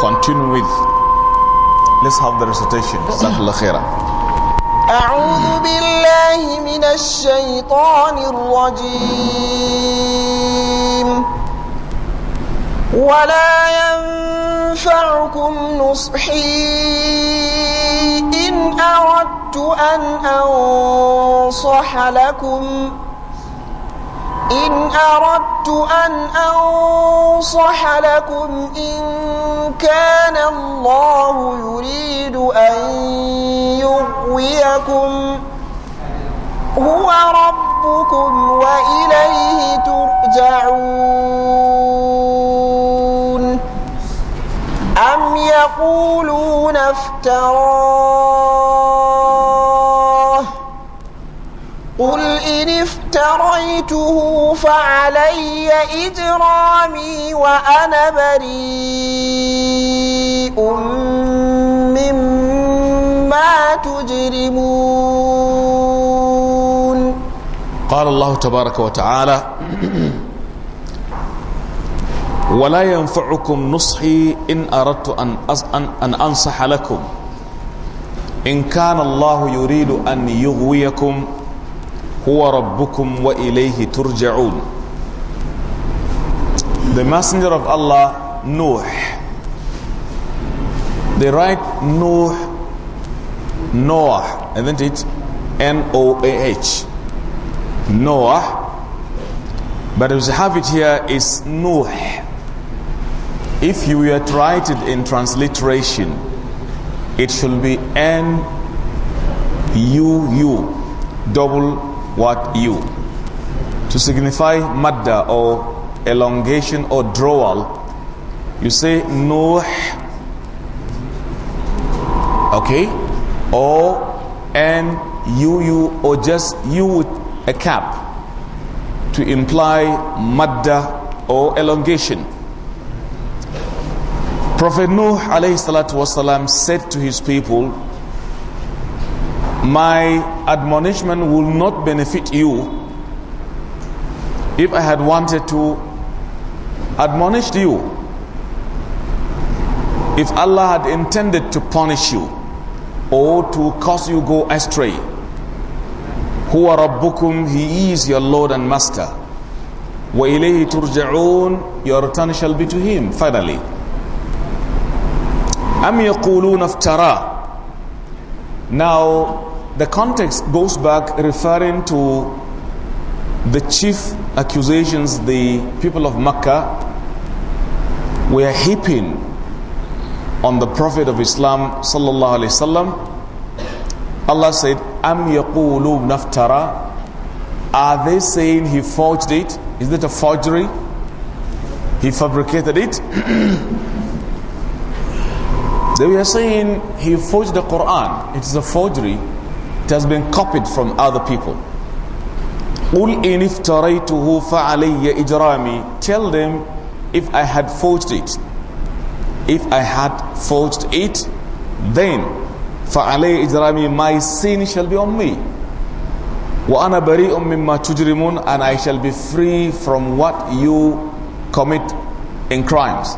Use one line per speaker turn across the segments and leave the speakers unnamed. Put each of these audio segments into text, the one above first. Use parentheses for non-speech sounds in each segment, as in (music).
continue with let's have the recitation جزاkallah khaira
أعوذ بالله من الشيطان الرجيم ولا ينفعكم نصحي إن أردت أن أنصح لكم إن أردت أن أنصح لكم إن كان الله يريد أن يقويكم هو ربكم وإليه ترجعون أم يقولون افتراه قل إن افتراه افتريته فعلي إجرامي وأنا بريء مما تجرمون
قال الله تبارك وتعالى ولا ينفعكم نصحي إن أردت أن, أن أنصح لكم إن كان الله يريد أن يغويكم huwa rabbukum wa ilayhi turja'un the messenger of allah nuh they write nuh noah isn't it n o a h noah but as we have it here is nuh if you were to write it in transliteration it should be n u u double what you to signify madda or elongation or drawal you say nuh okay or and you you or just you with a cap to imply madda or elongation prophet nuh alayhi salatu wasalam said to his people my admonishment will not benefit you if I had wanted to admonish you. If Allah had intended to punish you or to cause you go astray, huwa rabbukum, he is your Lord and Master. Wa ilayhi turja'un, your return shall be to him, finally. Am yaqulun aftara. Now, the context goes back referring to the chief accusations the people of Makkah were heaping on the Prophet of Islam sallallahu alaihi wasallam. Allah said, "Am yaqulu naftara?" Are they saying he forged it? Is it a forgery? He fabricated it. (clears throat) they were saying he forged the Quran. It is a forgery. It has been copied from other people. Tell them if I had forged it. If I had forged it, then My sin shall be on me. And I shall be free from what you commit in crimes.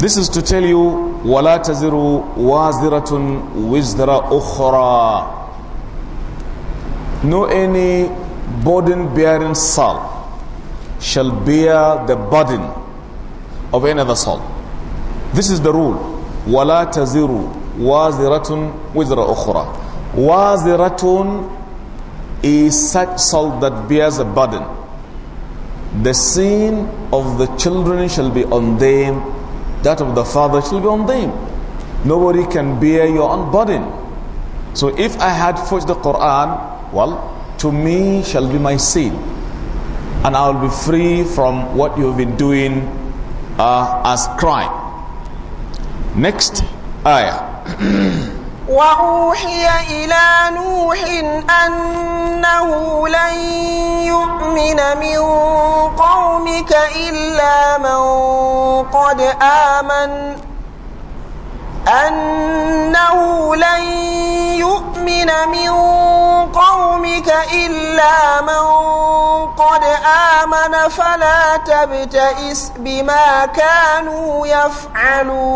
This is to tell you, وَلَا تَزِرُ وَازِرَةٌ وِزْرَ أُخْرَى no any burden bearing soul shall bear the burden of any other soul. This is the rule. وَلَا تَزِرُ وَازِرَةٌ وِزْرَ أُخْرَى وَازِرَةٌ is such soul that bears a burden. The sin of the children shall be on them, that of the father shall be on them. Nobody can bear your own burden. So if I had forged the Quran, well, to me shall be my seed, and I will be free from what you have been doing uh, as crime. Next ayah. (clears throat)
وأوحي إلى نوح أنه لن يؤمن من قومك إلا من قد آمن أنه لن يؤمن من قومك إلا من قد آمن فلا تبتئس بما كانوا يفعلون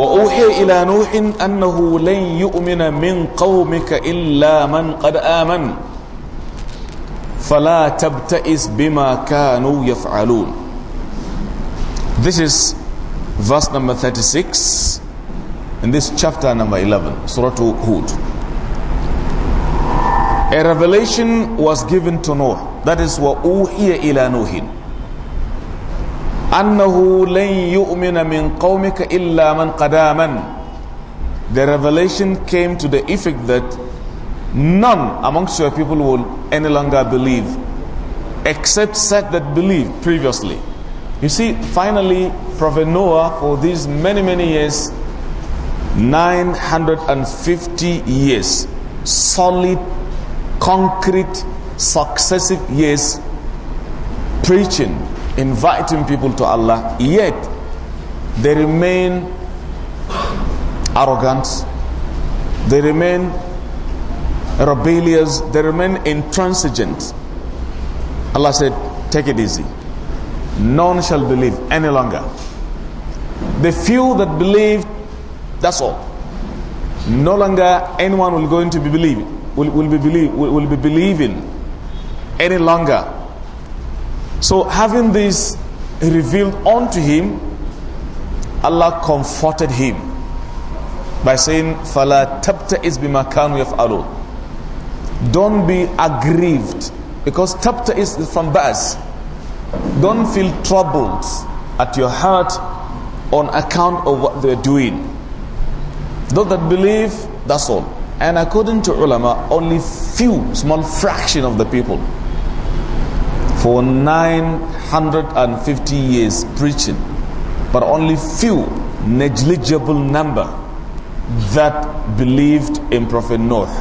وأوحي إلى
نوح أنه لن يؤمن من قومك إلا من قد آمن فلا تبتئس بما كانوا يفعلون This is verse number 36 in this chapter number 11, Surah Hud. A revelation was given to Noah. That is what وَأُوحِيَ ila نُوحٍ أَنَّهُ لَنْ min مِنْ illa man qadaman. The revelation came to the effect that none amongst your people will any longer believe except such that believed previously. You see, finally, Prophet Noah, for these many, many years, 950 years, solid, concrete, successive years preaching, inviting people to Allah, yet they remain arrogant, they remain rebellious, they remain intransigent. Allah said, Take it easy. None shall believe any longer. The few that believed that's all. No longer anyone will going to be believing will, will be believe will, will be believing any longer. So having this revealed unto him, Allah comforted him by saying, "Fala tabta is bimakanu Don't be aggrieved because tabta is from bas. Don't feel troubled at your heart on account of what they're doing. Those that believe, that's all. And according to ulama, only few, small fraction of the people for 950 years preaching, but only few, negligible number that believed in Prophet Noah.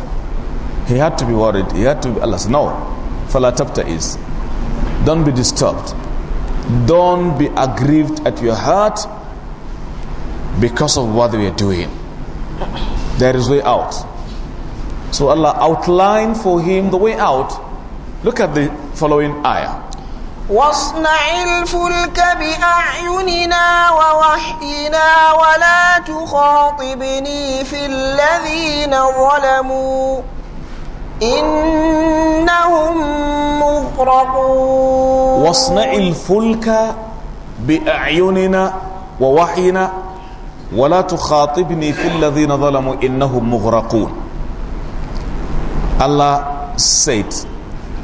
He had to be worried. He had to be Allah's. No. Falatapta is. Don't be disturbed. Don't be aggrieved at your heart because of what we are doing. there is way out. So Allah outlined for him the way out. Look at the following ayah.
واصنع الفلك بأعيننا ووحينا ولا تخاطبني في الذين ظلموا إنهم مغرقون واصنع
الفلك بأعيننا ووحينا ولا تخاطبني في الذين ظلموا إنهم مغرقون Allah said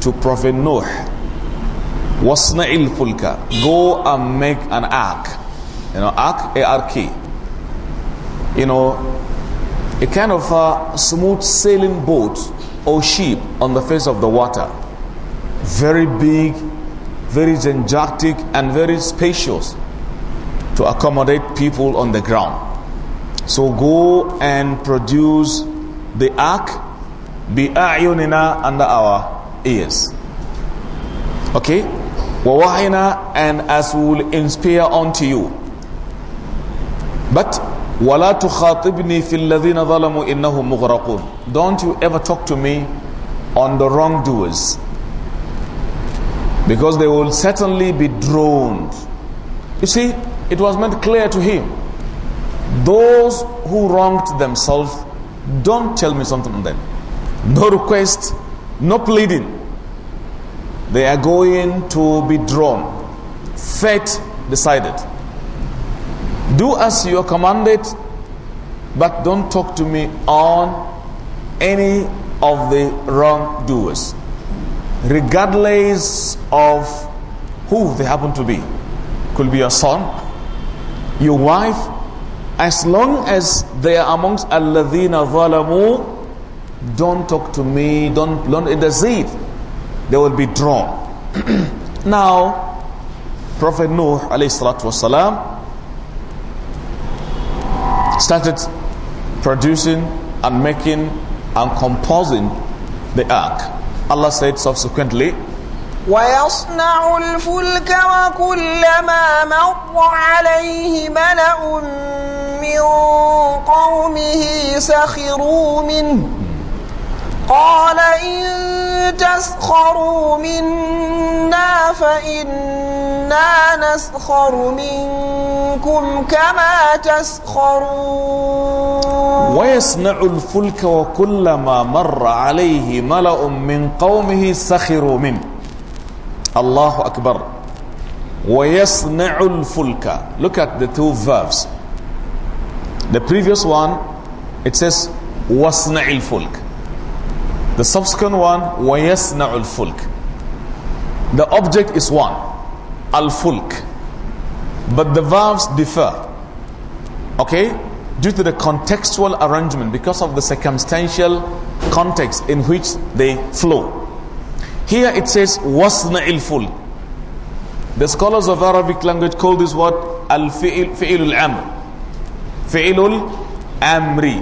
to Prophet نوح واصنع الفلك go and make an ark you know ark A-R-K you know a kind of a smooth sailing boat or ship on the face of the water very big very gigantic and very spacious to accommodate people on the ground. So go and produce the ark bi a'yunina under our ears. Okay? Wawahina and as we will inspire unto you. But tu khatibni fil ladina zalamu إنهم مغرقون. Don't you ever talk to me on the wrongdoers. Because they will certainly be drowned. You see, it was made clear to him those who wronged themselves don't tell me something on them no request no pleading they are going to be drawn fate decided do as you are commanded but don't talk to me on any of the wrongdoers regardless of who they happen to be could be your son your wife, as long as they are amongst alladhina zalamu, don't talk to me, don't, in the intercede. They will be drawn. (clears throat) now, Prophet Nuh والسلام, started producing and making and composing the ark. Allah said subsequently,
ويصنع الفلك وكلما مر عليه ملأ من قومه سخروا منه قال إن تسخروا منا فإنا نسخر منكم كما تسخرون ويصنع
الفلك وكلما مر عليه ملأ من قومه سخروا منه Allahu Akbar. وَيَصْنَعُ الْفُلْكَ Look at the two verbs. The previous one, it says وَصْنَعِ الْفُلْكَ The subsequent one, وَيَصْنَعُ الْفُلْكَ The object is one, الْفُلْكَ. But the verbs differ. Okay? Due to the contextual arrangement, because of the circumstantial context in which they flow. Here it says wasna ilful. The scholars of Arabic language call this word al fi'ilul amr. Fi'ilul amri.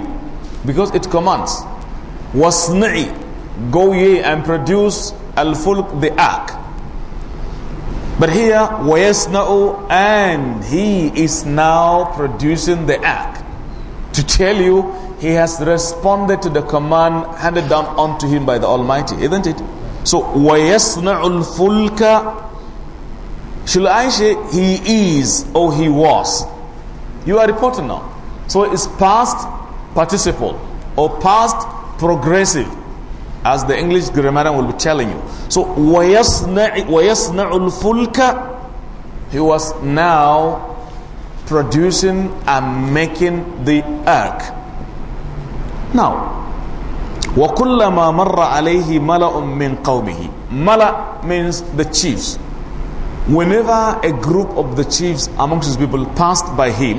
Because it commands. Wasna'i. Go ye and produce al fulk the ark. But here, wayasna'u and he is now producing the ark. To tell you, he has responded to the command handed down unto him by the Almighty, isn't it? So, وَيَصْنَعُ ulfulka. Shall I say he is or he was? You are reporting now. So it's past participle or past progressive as the English grammarian will be telling you. So وَيَصْنَعُ ulfulka. He was now producing and making the ark. Now, وَكُلَّمَا مَرَّ عَلَيْهِ مَلَأٌ مِّن قَوْمِهِ Mala means the chiefs. Whenever a group of the chiefs amongst his people passed by him,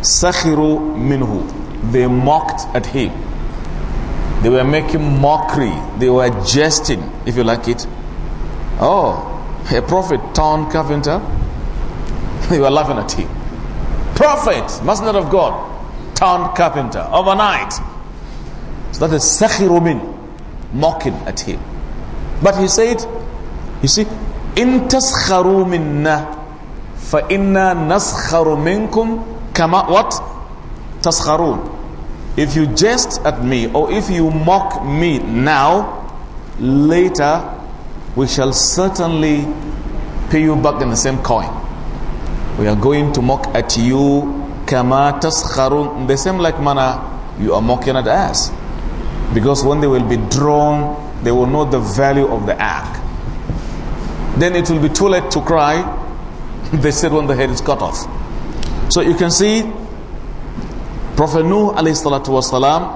سَخِرُوا مِنْهُ They mocked at him. They were making mockery. They were jesting, if you like it. Oh, a prophet turned carpenter. (laughs) They were laughing at him. Prophet, messenger of God, turned carpenter overnight so that is sakhiru min, mocking at him. But he said, you see, in taskharu minna, fa inna naskharu minkum kama what? Taskharun. If you jest at me or if you mock me now, later we shall certainly pay you back in the same coin. We are going to mock at you kama taskharun, in the same like manner you are mocking at us. Because when they will be drawn, they will know the value of the ark. Then it will be too late to cry. (laughs) they said when the head is cut off. So you can see Prophet Nuh alayhi wasalam,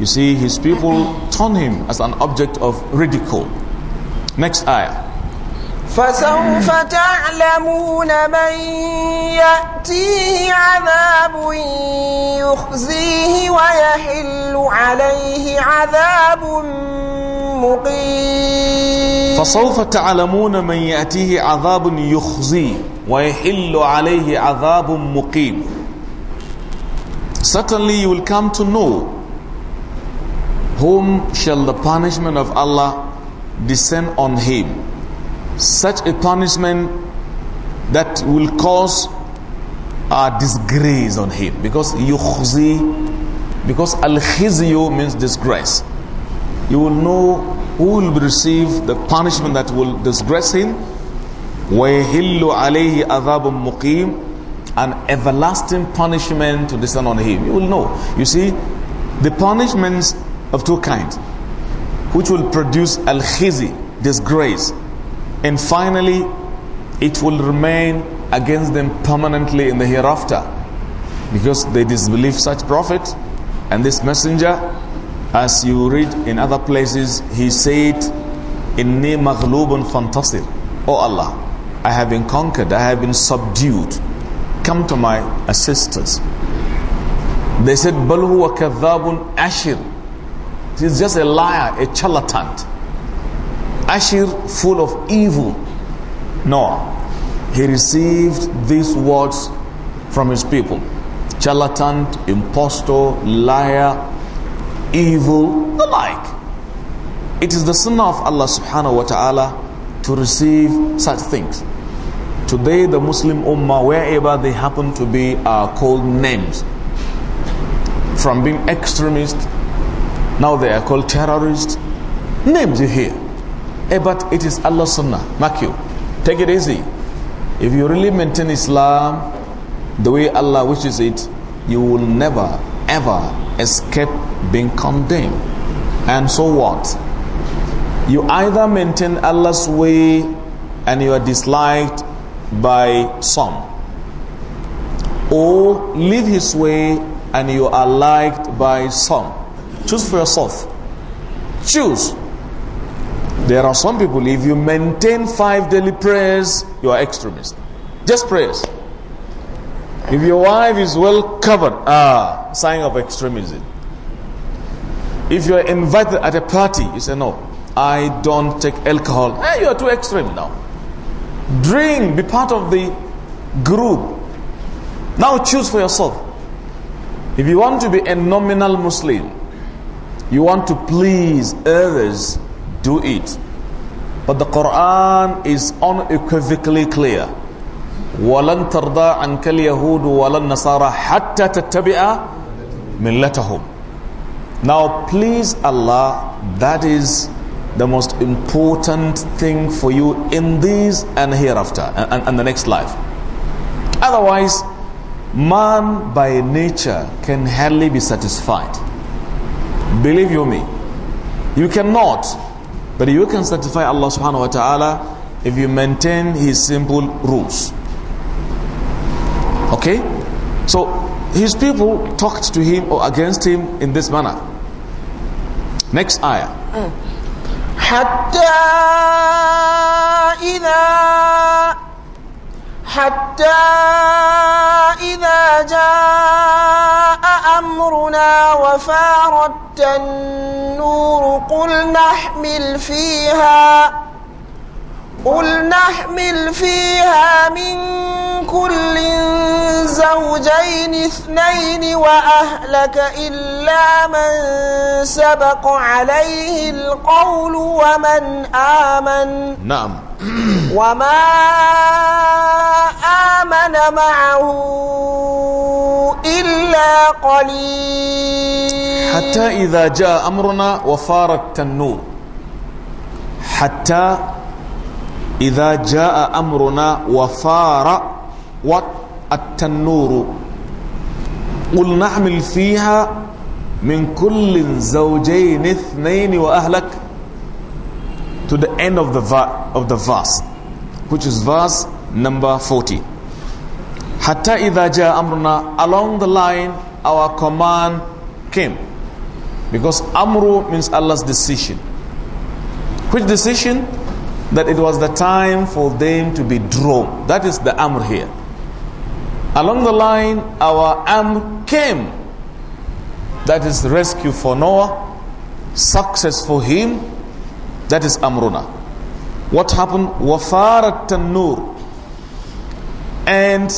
you see his people turn him as an object of ridicule. Next ayah.
فسوف تعلمون من يأتيه عذاب يخزيه ويحل عليه عذاب مقيم
فسوف تعلمون من يأتيه عذاب يخزيه ويحل عليه عذاب مقيم Certainly you will come to know whom shall the punishment of Allah descend on him such a punishment that will cause a disgrace on him because yukhzi because al-khizyu means disgrace you will know who will receive the punishment that will disgrace him وَيَهِلُّ alayhi أَذَابٌ muqim, an everlasting punishment to descend on him. You will know. You see, the punishments of two kinds, which will produce al-khizi, disgrace, and finally, it will remain against them permanently in the hereafter because they disbelieve such prophet and this messenger as you read in other places he said inni maghlubun fantasir oh allah i have been conquered i have been subdued come to my assistance they said bal huwa kadhabun ashir he's just a liar a charlatan Ashir full of evil. Noah, he received these words from his people. Charlatan, impostor, liar, evil, the like. It is the sunnah of Allah subhanahu wa ta'ala to receive such things. Today the Muslim Ummah, wherever they happen to be, are called names. From being extremist, now they are called terrorists. Names you hear. Eh, but it is Allah's sunnah. Mark you. Take it easy. If you really maintain Islam the way Allah wishes it, you will never, ever escape being condemned. And so what? You either maintain Allah's way and you are disliked by some, or leave His way and you are liked by some. Choose for yourself. Choose. There are some people, if you maintain five daily prayers, you are extremist. Just prayers. If your wife is well covered, ah, sign of extremism. If you are invited at a party, you say, no, I don't take alcohol. you are too extreme now. Drink, be part of the group. Now choose for yourself. If you want to be a nominal Muslim, you want to please others, do it. But the Quran is unequivocally clear. ولن ترضى عنك اليهود ولا النصارى حتى تتبع ملتهم. Now please Allah, that is the most important thing for you in this and hereafter and, and, and the next life. Otherwise, man by nature can hardly be satisfied. Believe you me, you cannot but you can satisfy Allah subhanahu wa ta'ala if you maintain his simple rules. Okay? So his people talked to him or against him in this manner.
Next ayah. أمرنا وفاردت النور قل نحمل فيها قل نحمل فيها من كل زوجين اثنين وأهلك إلا من سبق عليه القول ومن آمن نعم وما آمن معه إلا قليل حتى إذا جاء أمرنا
وفار التنور حتى إذا جاء أمرنا وفار التنور قل نعمل فيها من كل زوجين اثنين وأهلك to the end of the, of the verse, which is verse number 40. Hatta idha amruna, along the line, our command came. Because amru means Allah's decision. Which decision? That it was the time for them to be drawn. That is the amr here. Along the line, our amr came. That is rescue for Noah, success for him, that is Amruna. What happened? Wafarat Tanur. And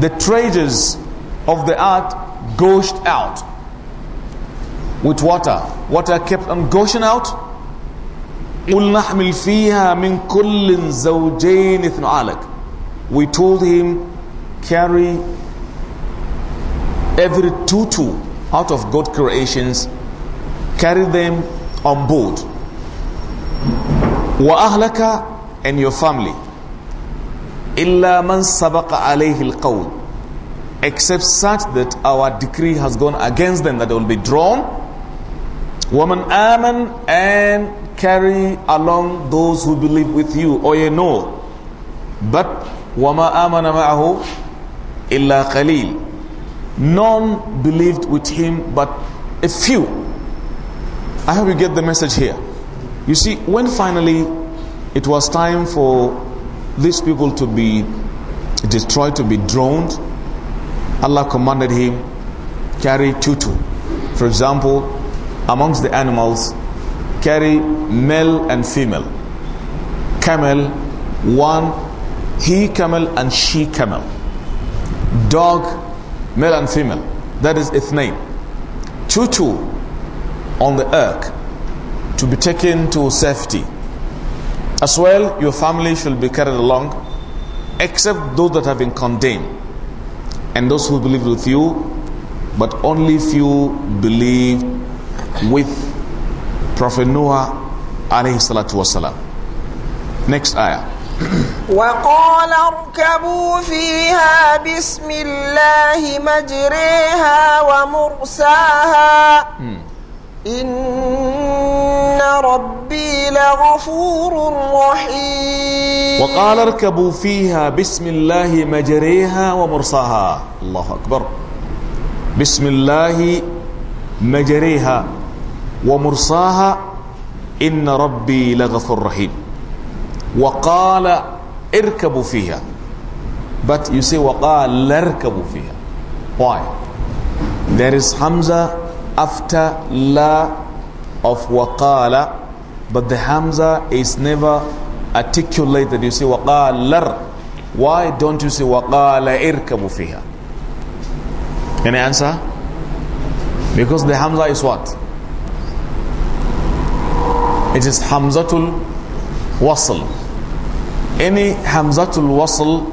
the treasures of the earth gushed out with water. Water kept on gushing out. We told him, carry every tutu out of God creations, carry them on board wa ahlaka and your family illa man sabaqa alayhi alqawl except such that our decree has gone against them that will be drawn woman aman and carry along those who believe with you or ye know but wama amana ma'ahu illa qalil none believed with him but a few i hope you get the message here you see, when finally it was time for these people to be destroyed, to be drowned, Allah commanded him, carry tutu. For example, amongst the animals, carry male and female. Camel, one, he camel and she camel. Dog, male and female. That is its name. Tutu on the earth to be taken to safety. As well, your family should be carried along, except those that have been condemned and those who believe with you, but only few believe with Prophet Noah alayhi salatu wasalam. Next ayah. (clears throat)
وقال اركبوا فيها بسم الله مجريها ومرساها hmm. ربي لغفور رحيم
وقال اركبوا فيها بسم الله مجريها ومرساها الله أكبر بسم الله مجريها ومرساها إن ربي لغفور رحيم وقال اركبوا فيها but you say وقال اركبوا فيها why there is Hamza after la of waqala, but the hamza is never articulated. You say waqalar. Why don't you say waqala irkabu fiha? Any answer? Because the hamza is what? It is hamzatul wasl. Any hamzatul wasl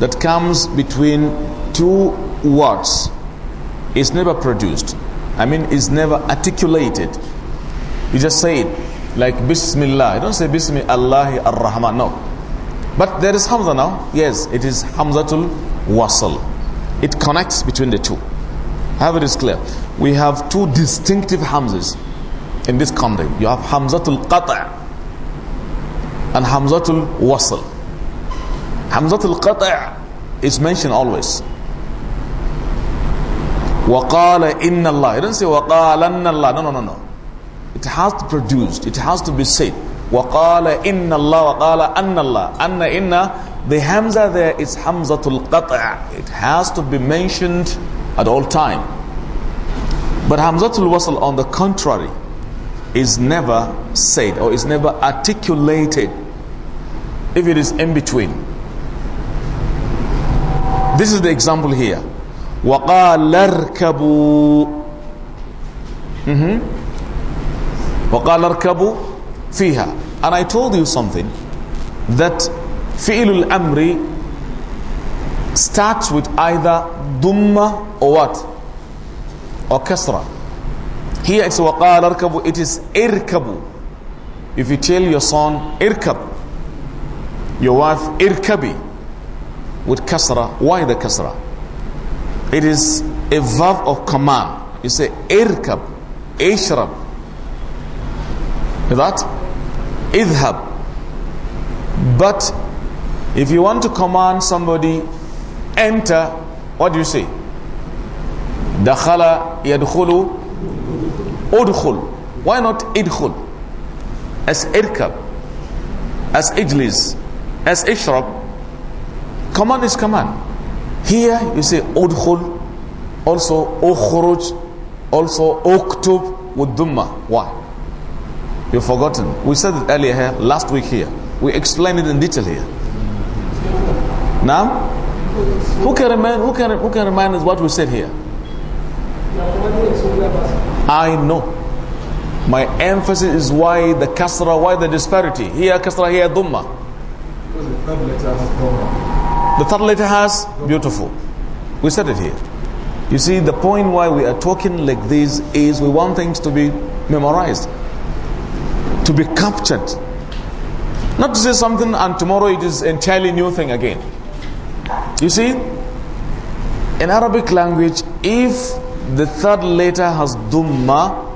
that comes between two words is never produced. I mean, is never articulated. You just say it. Like Bismillah. You don't say Bismillah ar-Rahman. No. But there is Hamza now. Yes, it is Hamzatul Wasal. It connects between the two. Have it is clear. We have two distinctive Hamzas in this context. You have Hamzatul Qata' and Hamzatul Wasl. Hamzatul Qata' is mentioned always. وَقَالَ إِنَّ اللَّهِ You don't say وَقَالَنَّ اللَّهِ No, no, no, no. It has to produced. It has to be said. Waqala inna Allah. Waqala anna Allah. أَنَّ The Hamza there is Hamzatul Qat'a. It has to be mentioned at all time. But Hamzatul Wasl on the contrary is never said or is never articulated if it is in between. This is the example here. وَقَالَ ارْكَبُوا mm وقال اركبوا فيها and I told you something that فعل الأمر starts with either ضم or what or كسرة here it's وقال اركبوا it is اركبوا if you tell your son اركب your wife اركبي with كسرة why the كسرة it is a verb of command you say اركب اشرب that idhab but if you want to command somebody enter what do you say dakhala yadkhulu udkhul why not idkhul as irkab as ijlis as ishrab command is command here you say udkhul also ukhruj also uktub with dhamma why You've forgotten. We said it earlier here, last week here. We explained it in detail here. Now, who can remind who can who can remind us what we said here? I know. My emphasis is why the kasra, why the disparity. Here kasra, here dhamma. The third letter has beautiful. We said it here. You see, the point why we are talking like this is we want things to be memorized to be captured. Not to say something and tomorrow it is entirely new thing again. You see, in Arabic language, if the third letter has Duma,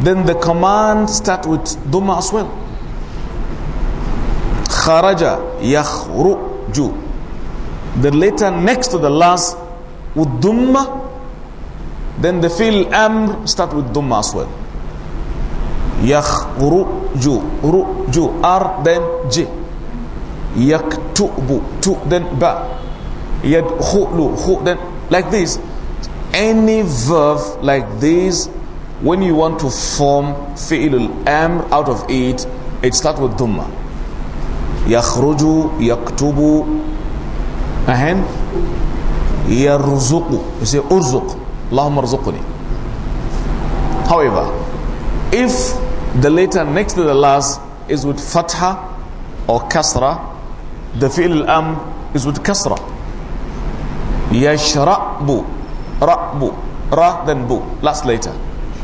then the command starts with Duma as well. Kharaja, Yakhruju. The letter next to the last with Duma, then the fi'l Amr starts with Duma as well. يخرج رج ار then ج يكتب ت then ba يدخل خ then like this any verb like this when you want to form fi'l al-amr out of it it starts with dhamma يخرج يكتب أهن يرزق you say ارزق اللهم ارزقني however if The letter next to the last is with fatha or kasra. The fi'l al-am is with kasra. Yashra'bu. Ra'bu. Ra then bu. Last letter.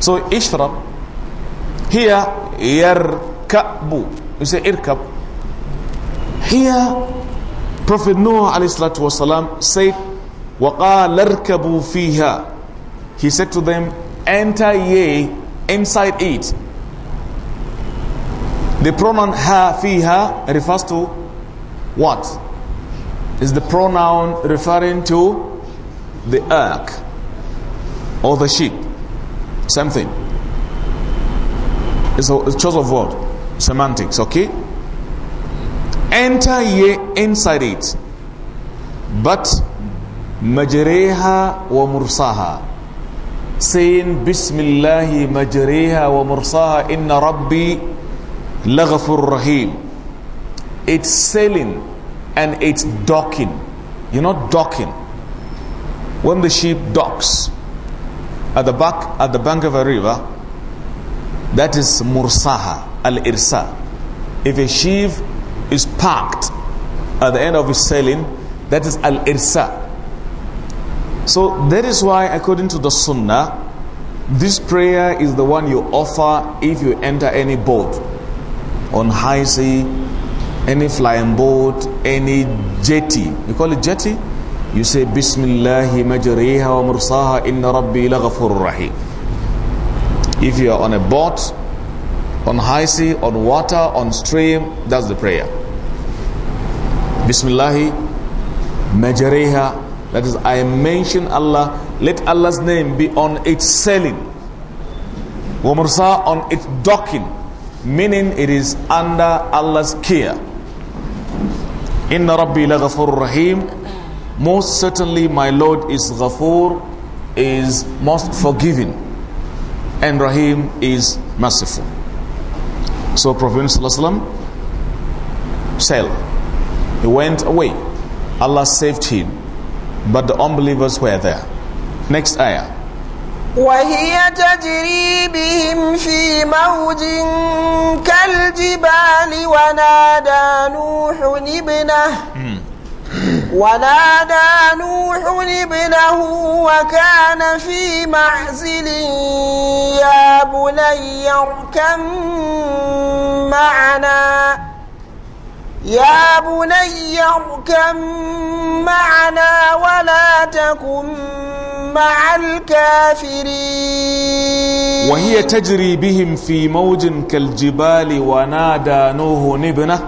So ishrab. Here yarka'bu. You say irkab. Here Prophet Noah alayhi salatu wasalam said وَقَالَ ارْكَبُوا فِيهَا He said to them, enter ye inside it. The pronoun ha fiha refers to what? Is the pronoun referring to the ark or the sheep? thing. It's a choice of word. Semantics, okay? Enter ye inside it. But majreha wa mursaha. Saying Bismillah majreha wa mursaha inna rabbi Laghafur Rahim. It's sailing and it's docking. You're not docking. When the ship docks at the back at the bank of a river, that is Mursaha al-Irsa. If a ship is parked at the end of its sailing, that is al-Irsa. So that is why according to the Sunnah, this prayer is the one you offer if you enter any boat on high sea, any flying boat, any jetty. You call it jetty? You say, Bismillahi majriha wa mursaha inna rabbi laghafur rahim. If you are on a boat, on high sea, on water, on stream, that's the prayer. Bismillahi majriha. That is, I mention Allah. Let Allah's name be on its sailing. Wa mursaha on its docking meaning it is under Allah's care. Inna Rabbi la ghafur rahim. Most certainly my Lord is ghafur, is most forgiving. And rahim is merciful. So Prophet ﷺ sailed. He went away. Allah saved him. But the unbelievers were there. Next ayah.
وهي تجري بهم في موج كالجبال ونادى نوح ابنه ونادى نوح ابنه وكان في معزل يا بني اركم معنا يا بني اركم معنا ولا تكن مع الكافرين
وهي تجري بهم في موج كالجبال ونادى نوح ابنه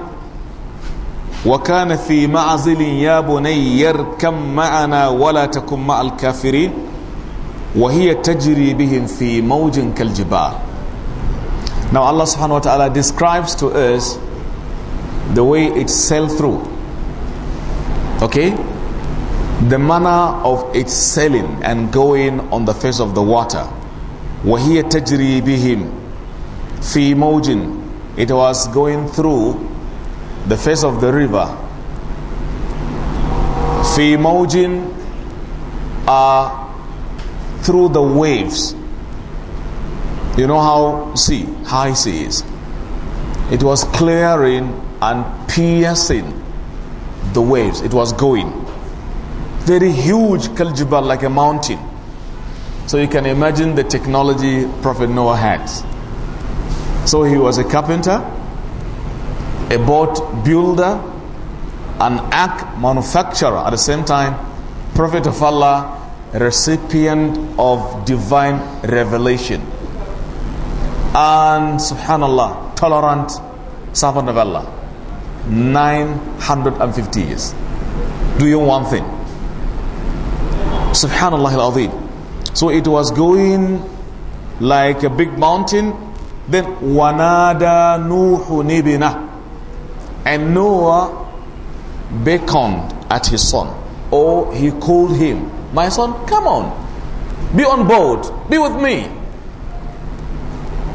وكان في معزل يا بني اركم معنا ولا تكن مع الكافرين وهي تجري بهم في موج كالجبال Now Allah subhanahu wa ta'ala describes to us the way it sell through okay the manner of its selling and going on the face of the water وَهِيَ it was going through the face of the river fi mojin, uh, through the waves you know how sea high sea is it was clearing and piercing the waves. It was going. Very huge Kaljibal, like a mountain. So you can imagine the technology Prophet Noah had. So he was a carpenter, a boat builder, an ark manufacturer at the same time, Prophet of Allah, recipient of divine revelation. And subhanallah, tolerant servant of Allah. 950 years doing one thing. Subhanallah al -Azim. So it was going like a big mountain. Then wanada nuhu nibina. And Noah beckoned at his son. Or he called him, My son, come on. Be on board. Be with me.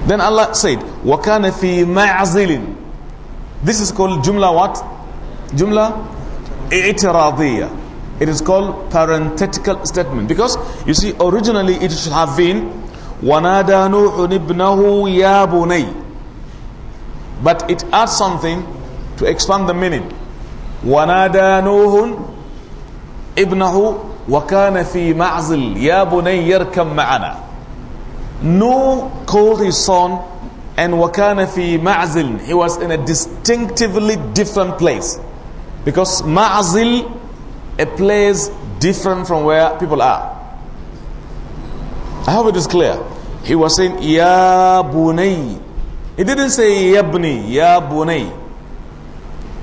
Then Allah said, وَكَانَ فِي مَعْزِلٍ this is called Jumla what? Jumla I'tiradiyya. It is called parenthetical statement. Because you see, originally it should have been وَنَادَى نُوحٌ ibnahu ya بُنَيْ But it adds something to expand the meaning. Wanada نُوحٌ ibnahu, وكان fi معزل ya بني yarkam معنا Nuh called his son and wakana fi ma'zil he was in a distinctively different place because ma'zil a place different from where people are i hope it is clear he was saying ya bunay he didn't say yabni ya bunay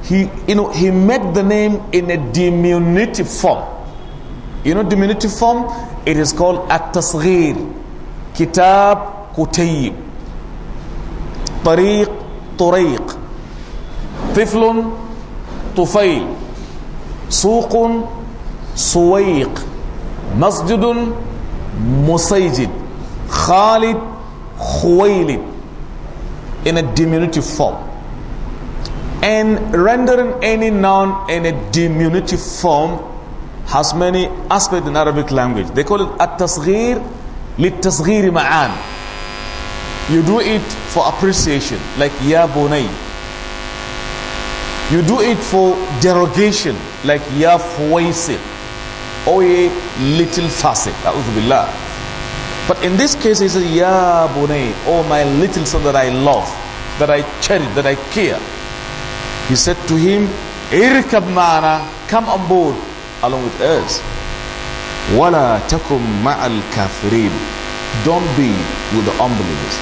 he you know he made the name in a diminutive form you know diminutive form it is called at-tasghir kitab kutayb طريق طريق طفل طفيل سوق سويق مسجد مسيجد خالد خويلد in a diminutive form and rendering any noun in a diminutive form has many aspects in Arabic language. They call it at-tasghir, lit-tasghiri ma'an. You do it for appreciation, like Ya Bunay. You do it for derogation, like Ya Fawaisil. or oh, ye little facet. Billah. But in this case, he says, Ya Bunay, oh my little son that I love, that I cherish, that I care. He said to him, Irkab ma'ana, come on board along with us. Wala takum ma'al kafirin. Don't be with the unbelievers.